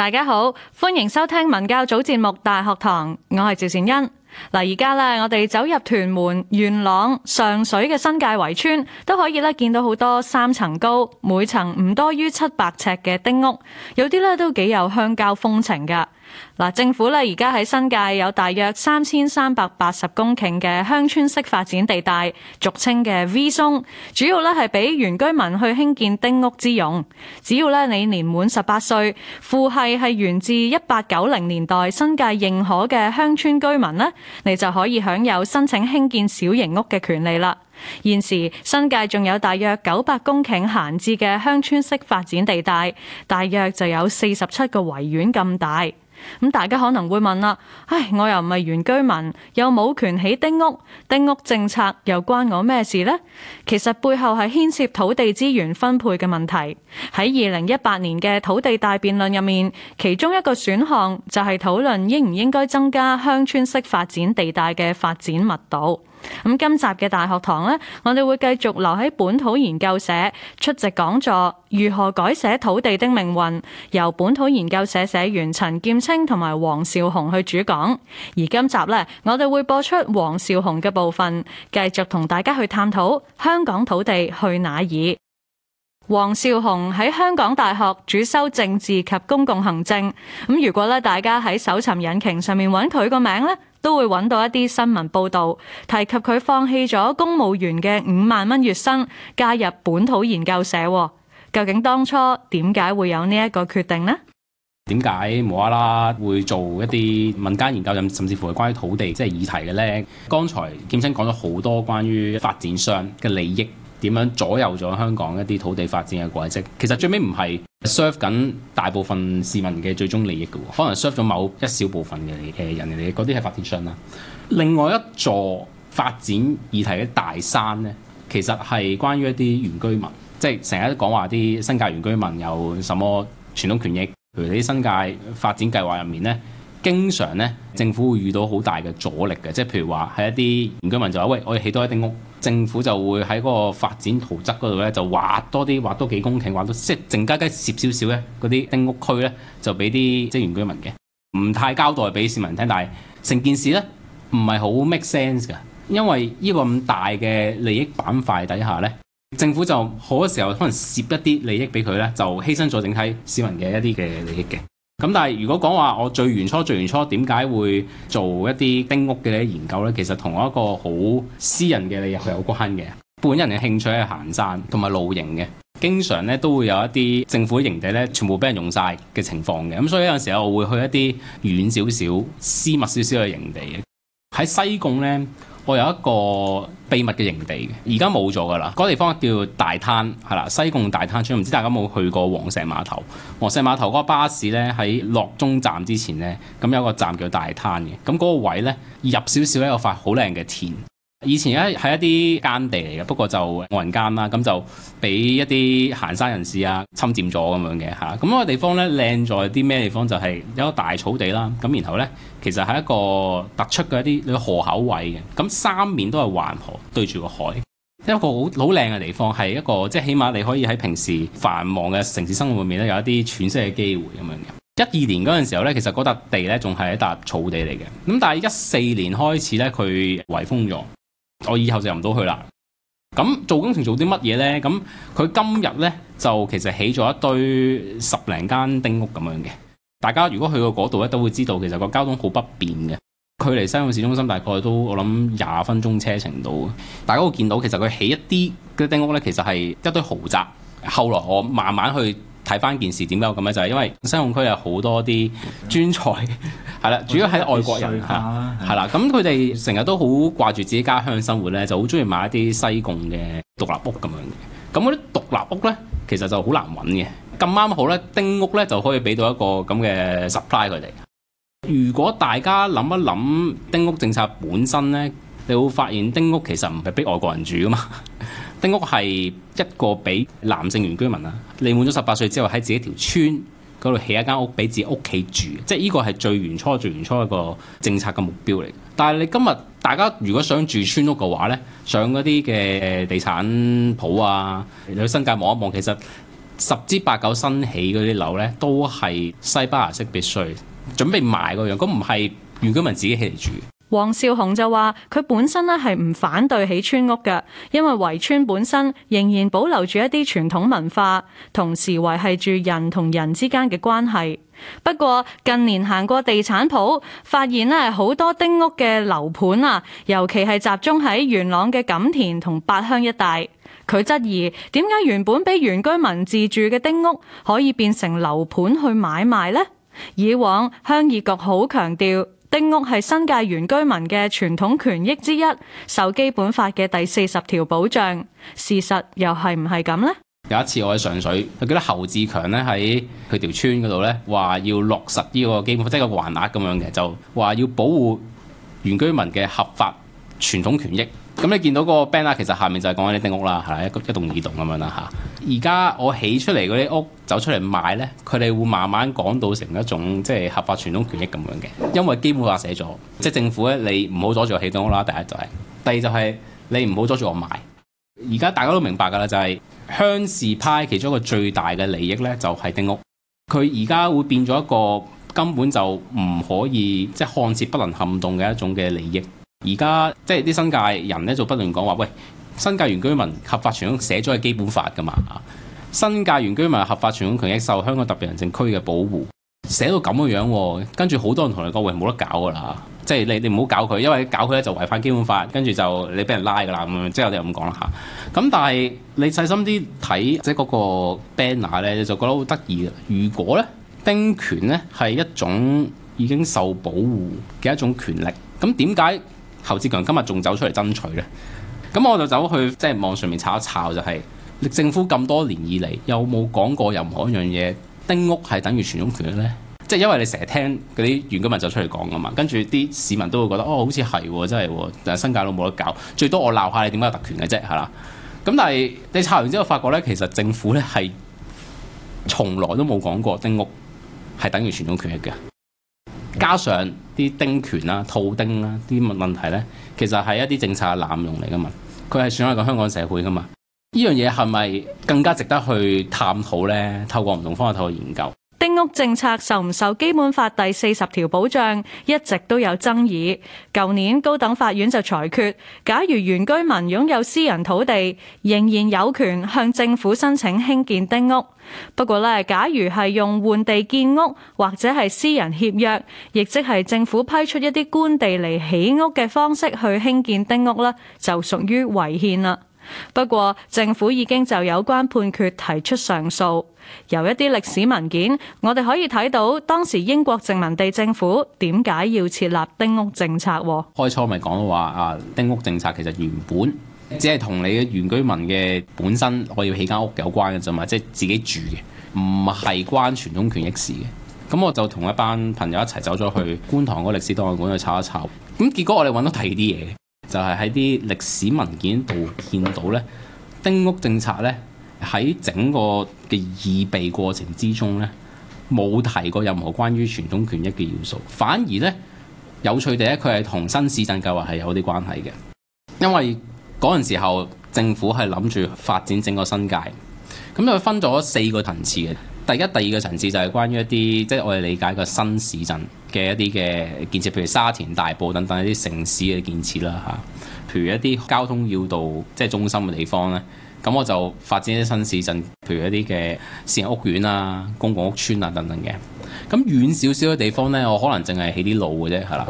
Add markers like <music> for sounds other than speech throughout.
大家好，歡迎收聽文教組節目《大學堂》，我係趙善恩。嗱，而家咧，我哋走入屯門元朗上水嘅新界圍村，都可以咧見到好多三層高、每層唔多於七百尺嘅丁屋，有啲咧都幾有鄉郊風情㗎。嗱，政府咧而家喺新界有大約三千三百八十公頃嘅鄉村式發展地帶，俗稱嘅 V zone，主要咧係俾原居民去興建丁屋之用。只要咧你年滿十八歲，父系係源自一八九零年代新界認可嘅鄉村居民咧，你就可以享有申請興建小型屋嘅權利啦。現時新界仲有大約九百公頃閒置嘅鄉村式發展地帶，大約就有四十七個圍院咁大。咁大家可能會問啦，唉，我又唔係原居民，又冇權起丁屋，丁屋政策又關我咩事呢？其實背後係牽涉土地資源分配嘅問題。喺二零一八年嘅土地大辯論入面，其中一個選項就係討論應唔應該增加鄉村式發展地帶嘅發展密度。咁今集嘅大學堂呢，我哋會繼續留喺本土研究社出席講座，如何改寫土地的命運？由本土研究社社員陳劍青同埋黃少雄去主講。而今集呢，我哋會播出黃少雄嘅部分，繼續同大家去探討香港土地去哪兒。黃少雄喺香港大學主修政治及公共行政。咁如果呢，大家喺搜尋引擎上面揾佢個名呢，都會揾到一啲新聞報導，提及佢放棄咗公務員嘅五萬蚊月薪，加入本土研究社。究竟當初點解會有呢一個決定呢？點解無啦啦會做一啲民間研究，甚至乎係關於土地即係議題嘅呢？剛才劍青講咗好多關於發展商嘅利益。點樣左右咗香港一啲土地發展嘅軌跡？其實最尾唔係 serve 緊大部分市民嘅最終利益嘅，可能 serve 咗某一小部分嘅人哋嗰啲係發展商啦。另外一座發展議題嘅大山呢，其實係關於一啲原居民，即係成日都講話啲新界原居民有什麼傳統權益，譬如啲新界發展計劃入面呢。經常咧，政府會遇到好大嘅阻力嘅，即係譬如話，係一啲原居民就話：喂，我哋起多一丁屋，政府就會喺嗰個發展圖則嗰度咧，就劃多啲，劃多幾公頃，劃到即係靜雞雞攝少少咧，嗰啲丁屋區咧就俾啲即係原居民嘅，唔太交代俾市民聽。但係成件事咧唔係好 make sense 噶。因為呢個咁大嘅利益板塊底下咧，政府就好多時候可能攝一啲利益俾佢咧，就犧牲咗整體市民嘅一啲嘅利益嘅。咁但係如果講話我最原初最原初點解會做一啲丁屋嘅研究呢？其實同一個好私人嘅利益係有關嘅，本人嘅興趣係行山同埋露營嘅，經常咧都會有一啲政府營地咧，全部俾人用晒嘅情況嘅，咁所以有陣時候我會去一啲遠少少、私密少少嘅營地喺西貢呢。我有一個秘密嘅營地，而家冇咗㗎喇。嗰地方叫大灘，係啦，西貢大灘村。唔知大家有冇去過黃石碼頭？黃石碼頭嗰個巴士咧喺落終站之前咧，咁有個站叫大灘嘅。咁嗰個位咧入少少咧，有塊好靚嘅田。以前咧係一啲耕地嚟嘅，不過就無人耕啦，咁就俾一啲行山人士啊侵佔咗咁樣嘅吓。咁個地方咧靚在啲咩地方？就係有一個大草地啦，咁然後咧其實係一個突出嘅一啲河口位嘅，咁三面都係環河，對住個海，一個好好靚嘅地方，係一個即係起碼你可以喺平時繁忙嘅城市生活裏面咧有一啲喘息嘅機會咁樣嘅。一二年嗰陣時候咧，其實嗰笪地咧仲係一笪草地嚟嘅，咁但係一四年開始咧佢圍封咗。我以後就入唔到去啦。咁做工程做啲乜嘢呢？咁佢今日呢，就其實起咗一堆十零間丁屋咁樣嘅。大家如果去到嗰度咧，都會知道其實個交通好不便嘅。距離西圳市中心大概都我諗廿分鐘車程度。大家會見到其實佢起一啲嘅丁屋呢，其實係一堆豪宅。後來我慢慢去。睇翻件事點解會咁樣就係、是、因為西貢區有好多啲專才，係啦 Okay. <laughs> 主要係外國人嚇，係啦 <laughs> 的，咁佢哋成日都好掛住自己家鄉生活咧，就好中意買一啲西貢嘅獨立屋咁樣。咁嗰啲獨立屋咧，其實就難好難揾嘅。咁啱好咧，丁屋咧就可以俾到一個咁嘅 supply 佢哋。如果大家諗一諗丁屋政策本身咧，你會發現丁屋其實唔係逼外國人住噶嘛。丁屋係一個俾男性原居民啊，你滿咗十八歲之後喺自己條村嗰度起一間屋俾自己屋企住，即係呢個係最原初、最原初一個政策嘅目標嚟。但係你今日大家如果想住村屋嘅話呢，上嗰啲嘅地產鋪啊，你去新界望一望，其實十之八九新起嗰啲樓呢都係西班牙式別墅，準備賣嗰樣，咁唔係原居民自己起嚟住。黃少紅就話：佢本身呢係唔反對起村屋嘅，因為圍村本身仍然保留住一啲傳統文化，同時維繫住人同人之間嘅關係。不過近年行過地產鋪，發現呢好多丁屋嘅樓盤啊，尤其係集中喺元朗嘅錦田同八鄉一帶。佢質疑點解原本俾原居民自住嘅丁屋可以變成樓盤去買賣呢？以往鄉議局好強調。丁屋係新界原居民嘅傳統權益之一，受基本法嘅第四十條保障。事實又係唔係咁呢？有一次我喺上水，佢記得侯志強咧喺佢條村嗰度咧，話要落實呢個基本法，即係個還額咁樣嘅，就話要保護原居民嘅合法傳統權益。咁、嗯、你見到個 band 啦，其實下面就係講緊啲丁屋啦，係咪一一棟二棟咁樣啦嚇？而家我起出嚟嗰啲屋走出嚟賣咧，佢哋會慢慢講到成一種即係、就是、合法傳統權益咁樣嘅，因為基本法寫咗，即係政府咧，你唔好阻住我起丁屋啦，第一就係、是，第二就係、是、你唔好阻住我賣。而家大家都明白噶啦、就是，就係鄉事派其中一個最大嘅利益咧，就係、是、丁屋。佢而家會變咗一個根本就唔可以即係、就是、看似不能撼動嘅一種嘅利益。而家即係啲新界人咧，就不斷講話喂，新界原居民合法傳統權益寫咗喺基本法噶嘛。新界原居民合法傳統權益受香港特別行政區嘅保護，寫到咁嘅樣，啊，跟住好多人同你講喂，冇得搞噶啦，即係你你唔好搞佢，因為搞佢咧就違反基本法，跟住就你俾人拉噶啦咁樣，即係我哋咁講啦吓。咁但係你細心啲睇，即係嗰個 banner 咧，你就覺得好得意。如果咧丁權咧係一種已經受保護嘅一種權力，咁點解？侯志強今日仲走出嚟爭取呢。咁我就走去即係網上面查一查，就係、是、政府咁多年以嚟有冇講過任何一樣嘢？丁屋係等於傳統權益嘅呢？即係因為你成日聽嗰啲原居民走出嚟講噶嘛，跟住啲市民都會覺得哦，好似係、哦、真係、哦，但係新界路冇得搞，最多我鬧下你點解有特權嘅啫，係啦。咁但係你查完之後發覺呢，其實政府呢係從來都冇講過丁屋係等於傳統權益嘅。加上啲丁權啊、套丁啊啲問題咧，其實係一啲政策嘅濫用嚟噶嘛，佢係損害個香港社會噶嘛。呢樣嘢係咪更加值得去探討咧？透過唔同方法，透過研究。丁屋政策受唔受《基本法》第四十條保障，一直都有爭議，舊年高等法院就裁決，假如原居民擁有私人土地，仍然有權向政府申請興建丁屋。不過呢，假如係用換地建屋，或者係私人協約，亦即係政府批出一啲官地嚟起屋嘅方式去興建丁屋啦，就屬於違憲啦。不過政府已經就有關判決提出上訴。由一啲歷史文件，我哋可以睇到當時英國殖民地政府點解要設立丁屋政策。開初咪講到話啊，丁屋政策其實原本只係同你原居民嘅本身我要起間屋有關嘅啫嘛，即係自己住嘅，唔係關傳統權益事嘅。咁我就同一班朋友一齊走咗去觀塘嗰個歷史檔案館去查一查，咁結果我哋搵到第二啲嘢。就係喺啲歷史文件度見到呢，丁屋政策呢，喺整個嘅預備過程之中呢，冇提過任何關於傳統權益嘅要素，反而呢，有趣地咧，佢係同新市鎮計劃係有啲關係嘅，因為嗰陣時候政府係諗住發展整個新界，咁就分咗四個層次嘅，第一、第二個層次就係關於一啲即係我哋理解嘅新市鎮。嘅一啲嘅建設，譬如沙田大埔等等一啲城市嘅建設啦，吓、啊，譬如一啲交通要道，即係中心嘅地方咧，咁我就發展一啲新市鎮，譬如一啲嘅私人屋苑啊、公共屋邨啊等等嘅。咁遠少少嘅地方咧，我可能淨係起啲路嘅啫，係啦。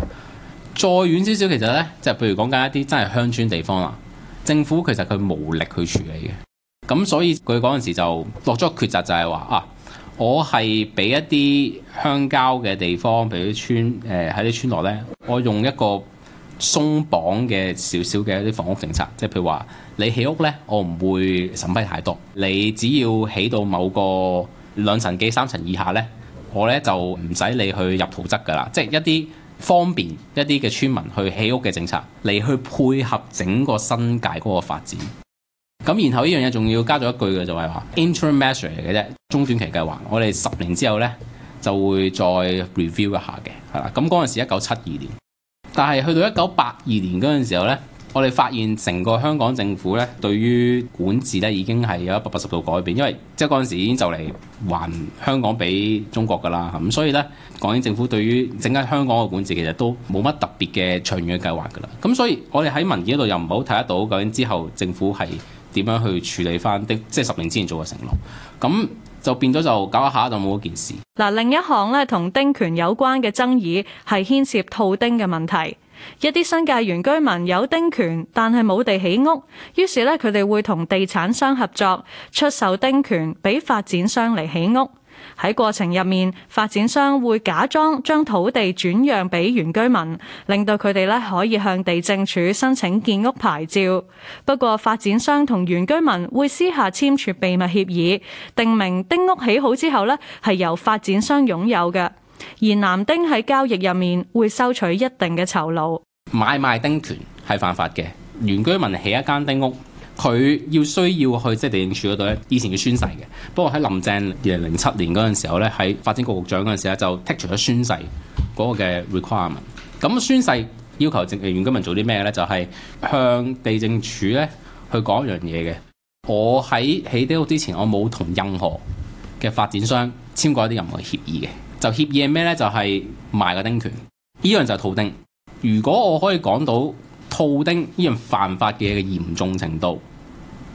再遠少少，其實咧，就係譬如講緊一啲真係鄉村地方啦，政府其實佢無力去處理嘅，咁所以佢嗰陣時就落咗個抉擇就，就係話啊。我係俾一啲鄉郊嘅地方，譬如村，誒喺啲村落呢，我用一個鬆綁嘅少少嘅一啲房屋政策，即係譬如話你起屋呢，我唔會審批太多，你只要起到某個兩層幾三層以下呢，我呢就唔使你去入土質㗎啦，即係一啲方便一啲嘅村民去起屋嘅政策，你去配合整個新界嗰個發展。咁然後呢樣嘢仲要加咗一句嘅，就係話 intermediate 嚟嘅啫，中短期計劃。我哋十年之後呢，就會再 review 一下嘅，係啦。咁嗰陣時一九七二年，但係去到一九八二年嗰陣時候呢，我哋發現成個香港政府呢，對於管治呢已經係有一百八十度改變，因為即係嗰陣時已經就嚟還香港俾中國噶啦，咁所以呢，港英政府對於整間香港嘅管治其實都冇乜特別嘅長遠計劃噶啦。咁所以我哋喺文件度又唔好睇得到究竟之後政府係。點樣去處理翻的？即係十年之前做嘅承諾，咁就變咗就搞下下就冇嗰件事。嗱，另一項咧同丁權有關嘅爭議係牽涉套丁嘅問題。一啲新界原居民有丁權，但係冇地起屋，於是咧佢哋會同地產商合作出售丁權，俾發展商嚟起屋。喺過程入面，發展商會假裝將土地轉讓俾原居民，令到佢哋咧可以向地政署申請建屋牌照。不過，發展商同原居民會私下簽署秘密協議，定明丁屋起好之後咧係由發展商擁有嘅，而男丁喺交易入面會收取一定嘅酬勞。買賣丁權係犯法嘅，原居民起一間丁屋。佢要需要去即係地政署嗰度咧，以前要宣誓嘅。不過喺林鄭二零零七年嗰陣時候咧，喺發展局局長嗰陣時咧，就剔除咗宣誓嗰個嘅 requirement。咁宣誓要求政議員居民做啲咩咧？就係向地政署咧去講一樣嘢嘅。我喺起丁屋之前，我冇同任何嘅發展商簽過一啲任何協議嘅。就協議係咩咧？就係賣個丁權呢樣，就係套丁。如果我可以講到。套丁呢樣犯法嘅嚴重程度，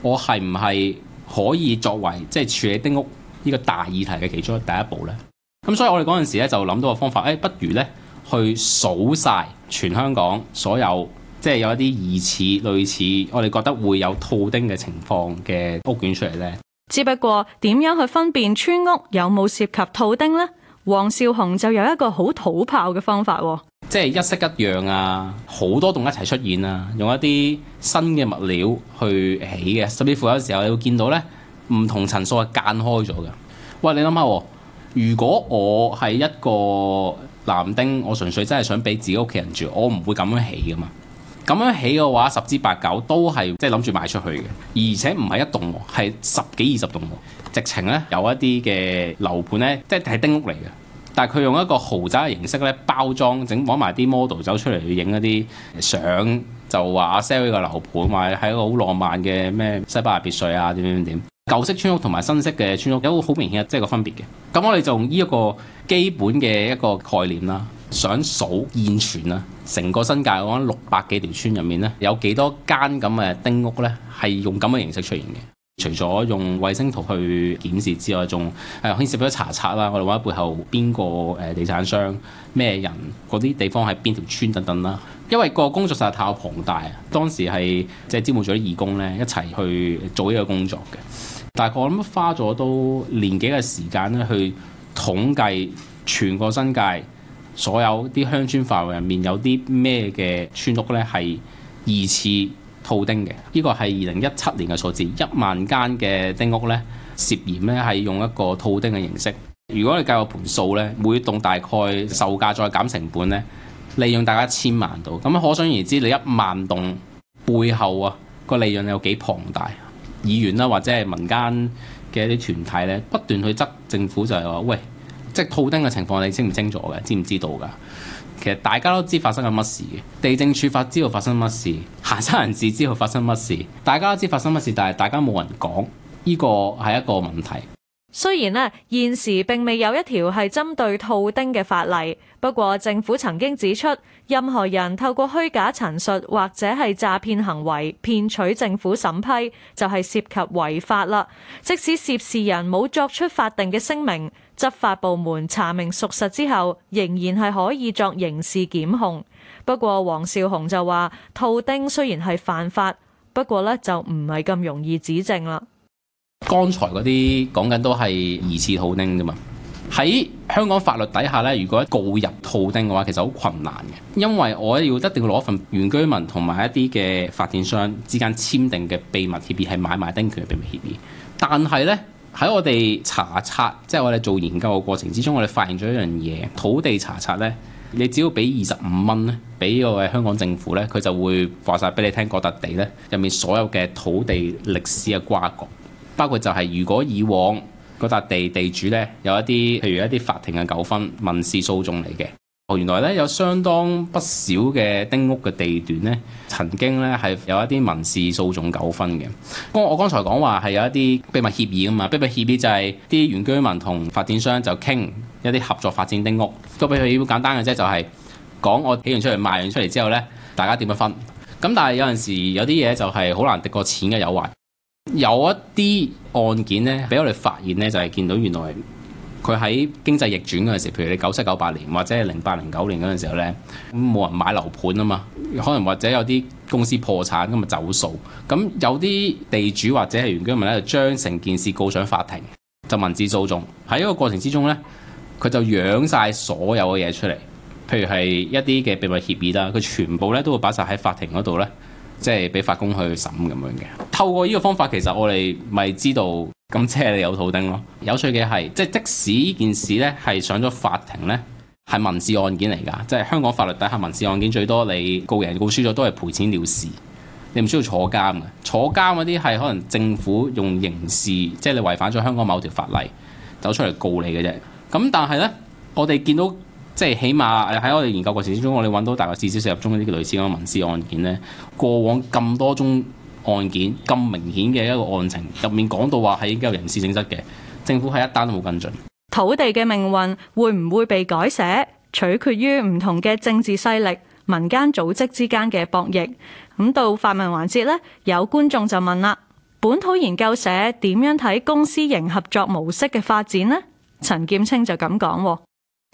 我係唔係可以作為即係處理丁屋呢個大議題嘅其中第一步呢？咁所以我哋嗰陣時咧就諗到個方法，誒、哎，不如呢，去數晒全香港所有即係有一啲疑似類似，我哋覺得會有套丁嘅情況嘅屋苑出嚟。呢只不過點樣去分辨村屋有冇涉及套丁呢？黃少雄就有一個好土炮嘅方法，哦。即係一式一樣啊，好多棟一齊出現啊，用一啲新嘅物料去起嘅，甚至乎有時候你會見到呢，唔同層數係間開咗嘅。喂，你諗下，哦，如果我係一個男丁，我純粹真係想俾自己屋企人住，我唔會咁樣起噶嘛。咁樣起嘅話，十之八九都係即係諗住賣出去嘅，而且唔係一棟，係十幾二十棟，直情呢，有一啲嘅樓盤呢，即係係丁屋嚟嘅。但係佢用一個豪宅嘅形式咧包裝，整摸埋啲 model 走出嚟去影一啲相，就話 sell 個樓盤，話係一個好浪漫嘅咩西班牙別墅啊，點點點。舊式村屋同埋新式嘅村屋有好明顯嘅即係個分別嘅。咁我哋就用呢一個基本嘅一個概念啦，想數現存啦，成個新界嗰六百幾條村入面咧，有幾多間咁嘅丁屋咧係用咁嘅形式出現嘅。除咗用衛星圖去檢視之外，仲誒，牽涉咗查冊啦。我哋話背後邊個誒地產商、咩人嗰啲地方係邊條村等等啦。因為個工作實在太過龐大，當時係即係招募咗啲義工咧，一齊去做呢個工作嘅。但係我諗花咗都年幾嘅時間咧，去統計全個新界所有啲鄉村範圍入面有啲咩嘅村屋咧，係疑似。套丁嘅，呢、這個係二零一七年嘅數字，一萬間嘅丁屋呢涉嫌咧係用一個套丁嘅形式。如果你計個盤數呢，每棟大概售價再減成本呢，利潤大概一千萬度咁，可想而知你一萬棟背後啊個利潤有幾龐大。議員啦、啊，或者係民間嘅一啲團體呢，不斷去質政府就係話，喂，即係套丁嘅情況，你清唔清，清楚嘅，知唔知道㗎？其實大家都知發生緊乜事嘅，地政處法知道發生乜事，行山人士知道發生乜事，大家都知發生乜事，但係大家冇人講，呢個係一個問題。雖然呢，現時並未有一條係針對套丁嘅法例，不過政府曾經指出，任何人透過虛假陳述或者係詐騙行為騙取政府審批，就係涉及違法啦。即使涉事人冇作出法定嘅聲明。執法部門查明屬實之後，仍然係可以作刑事檢控。不過，黃少雄就話，套丁雖然係犯法，不過呢就唔係咁容易指證啦。剛才嗰啲講緊都係疑似套丁㗎嘛。喺香港法律底下呢，如果告入套丁嘅話，其實好困難嘅，因為我要一定要攞份原居民同埋一啲嘅發展商之間簽訂嘅秘密協議，係買賣丁權嘅秘密協議。但係呢。喺我哋查冊，即係我哋做研究嘅過程之中，我哋發現咗一樣嘢。土地查冊呢，你只要俾二十五蚊呢，俾個香港政府呢，佢就會話晒俾你聽嗰笪地呢入面所有嘅土地歷史嘅瓜葛，包括就係如果以往嗰笪地地主呢有一啲，譬如一啲法庭嘅糾紛、民事訴訟嚟嘅。哦，原來咧有相當不少嘅丁屋嘅地段咧，曾經咧係有一啲民事訴訟糾紛嘅。不過我剛才講話係有一啲秘密協議啊嘛，秘密協議就係啲原居民同發展商就傾一啲合作發展丁屋，都比較簡單嘅啫，就係講我起完出嚟賣完出嚟之後咧，大家點樣分？咁但係有陣時有啲嘢就係好難敵過錢嘅誘惑，有一啲案件咧俾我哋發現咧，就係見到原來。佢喺經濟逆轉嗰陣時，譬如你九七九八年或者係零八零九年嗰陣時候呢，冇人買樓盤啊嘛，可能或者有啲公司破產咁咪走數，咁有啲地主或者係原居民呢，就將成件事告上法庭，就民事訴訟喺一個過程之中呢，佢就養晒所有嘅嘢出嚟，譬如係一啲嘅秘密協議啦，佢全部呢都會擺晒喺法庭嗰度呢。即係俾法官去審咁樣嘅，透過呢個方法其實我哋咪知道咁車你有肚丁咯。有趣嘅係，即係即，即使呢件事咧係上咗法庭呢係民事案件嚟㗎。即係香港法律底下民事案件最多，你告人告輸咗都係賠錢了事，你唔需要坐監嘅。坐監嗰啲係可能政府用刑事，即係你違反咗香港某條法例走出嚟告你嘅啫。咁但係呢，我哋見到。即係起碼喺我哋研究過程之中，我哋揾到大概至少四十宗呢啲類似咁嘅民事案件呢，過往咁多宗案件咁明顯嘅一個案情入面講到話係應該有人事性質嘅，政府係一單都冇跟進。土地嘅命運會唔會被改寫，取決於唔同嘅政治勢力、民間組織之間嘅博弈。咁到發問環節呢，有觀眾就問啦：「本土研究社點樣睇公司型合作模式嘅發展呢？」陳劍青就咁講。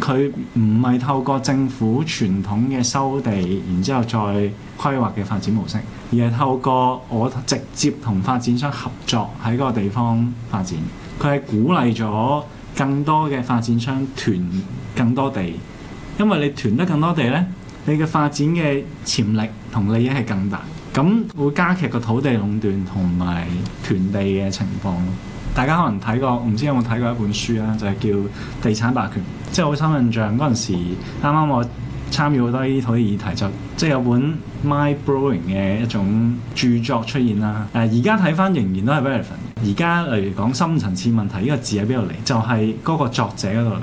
佢唔係透過政府傳統嘅收地，然之後再規劃嘅發展模式，而係透過我直接同發展商合作喺嗰個地方發展。佢係鼓勵咗更多嘅發展商囤更多地，因為你囤得更多地呢，你嘅發展嘅潛力同利益係更大，咁會加劇個土地壟斷同埋囤地嘅情況。大家可能睇過，唔知有冇睇過一本書啦，就係叫《地產霸權》，即係好深印象。嗰陣時，啱啱我參與好多呢啲土地議題，就即係有本 mind blowing 嘅一種著作出現啦。誒、呃，而家睇翻仍然都係 relevant。而家例如講深層次問題呢個字喺邊度嚟？就係嗰個作者嗰度嚟。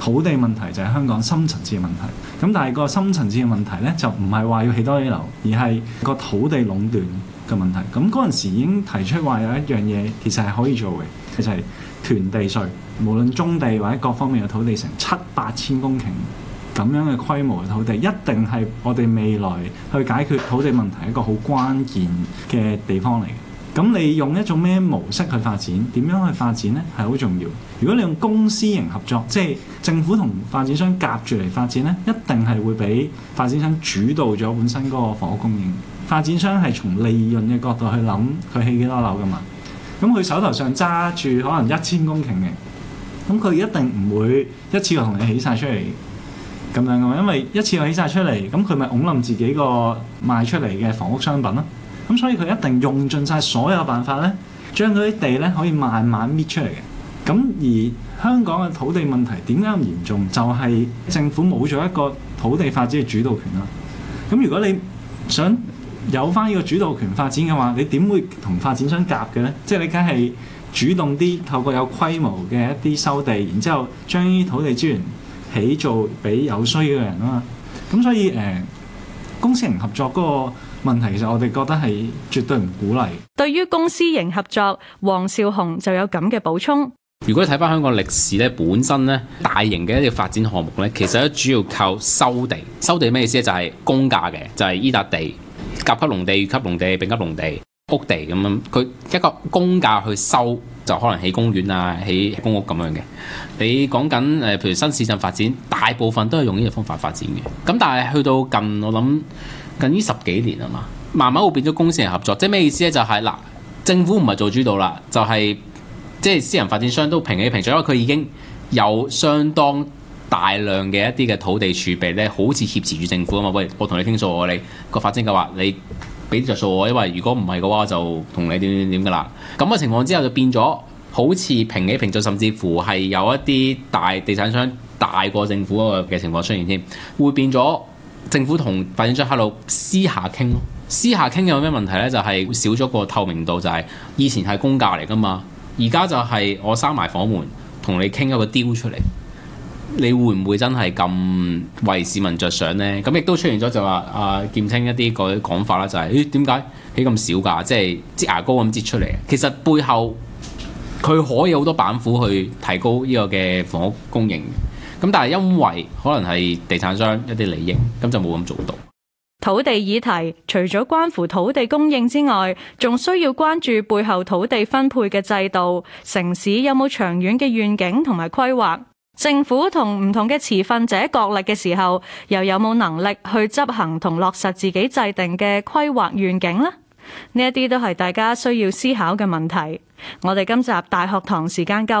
土地問題就係香港深層次嘅問題。咁但係個深層次嘅問題咧，就唔係話要起多啲樓，而係個土地壟斷嘅問題，咁嗰陣時已經提出話有一樣嘢，其實係可以做嘅，其實係囤地稅，無論棕地或者各方面嘅土地，成七八千公頃咁樣嘅規模嘅土地，一定係我哋未來去解決土地問題一個好關鍵嘅地方嚟嘅。咁你用一種咩模式去發展，點樣去發展呢？係好重要。如果你用公私型合作，即係政府同發展商夾住嚟發展呢，一定係會俾發展商主導咗本身嗰個房屋供應。發展商係從利潤嘅角度去諗，佢起幾多樓噶嘛？咁佢手頭上揸住可能一千公頃嘅，咁佢一定唔會一次過同你起晒出嚟咁樣噶嘛？因為一次過起晒出嚟，咁佢咪擁冧自己個賣出嚟嘅房屋商品咯、啊？咁所以佢一定用盡晒所有辦法咧，將嗰啲地咧可以慢慢搣出嚟嘅。咁而香港嘅土地問題點解咁嚴重？就係、是、政府冇咗一個土地發展嘅主導權啦。咁如果你想有翻呢個主導權發展嘅話，你點會同發展商夾嘅呢？即係你梗係主動啲，透過有規模嘅一啲收地，然之後將呢土地資源起造俾有需要嘅人啊嘛。咁所以誒、呃、公私營合作嗰個問題，其實我哋覺得係絕對唔鼓勵。對於公私營合作，黃少雄就有咁嘅補充。如果睇翻香港歷史咧，本身咧大型嘅一啲發展項目咧，其實咧主要靠收地。收地咩意思咧？就係、是、公價嘅，就係依笪地。甲級農地、乙級農地、丙級農地、屋地咁樣，佢一個公價去收，就可能起公園啊、起公屋咁樣嘅。你講緊誒，譬如新市鎮發展，大部分都係用呢個方法發展嘅。咁但係去到近，我諗近呢十幾年啊嘛，慢慢會變咗公私人合作，即係咩意思咧？就係、是、嗱，政府唔係做主導啦，就係、是、即係私人發展商都平起平坐，因為佢已經有相當大量嘅一啲嘅土地儲備咧，好似挾持住政府啊嘛！喂，我同你傾訴，我哋個發展計劃，你俾啲着數我，因為如果唔係嘅話，我就同你點點點噶啦。咁嘅情況之後就變咗，好似平起平坐，甚至乎係有一啲大地產商大過政府嗰個嘅情況出現添，會變咗政府同發展商喺度私下傾咯。私下傾有咩問題咧？就係，是，少咗個透明度，就是，就係以前係公價嚟噶嘛，而家就係我閂埋房門同你傾一個 deal 出嚟。你會唔會真係咁為市民着想呢？咁亦都出現咗就話啊，劍青一啲個講法啦，就係誒點解起咁少㗎？即係擠牙膏咁擠出嚟。其實背後佢可以好多板斧去提高呢個嘅房屋供應。咁但係因為可能係地產商一啲利益，咁就冇咁做到。土地議題除咗關乎土地供應之外，仲需要關注背後土地分配嘅制度、城市有冇長遠嘅願景同埋規劃。政府同唔同嘅持份者角力嘅時候，又有冇能力去執行同落實自己制定嘅規劃願景咧？呢一啲都係大家需要思考嘅問題。我哋今集大學堂時間夠啦。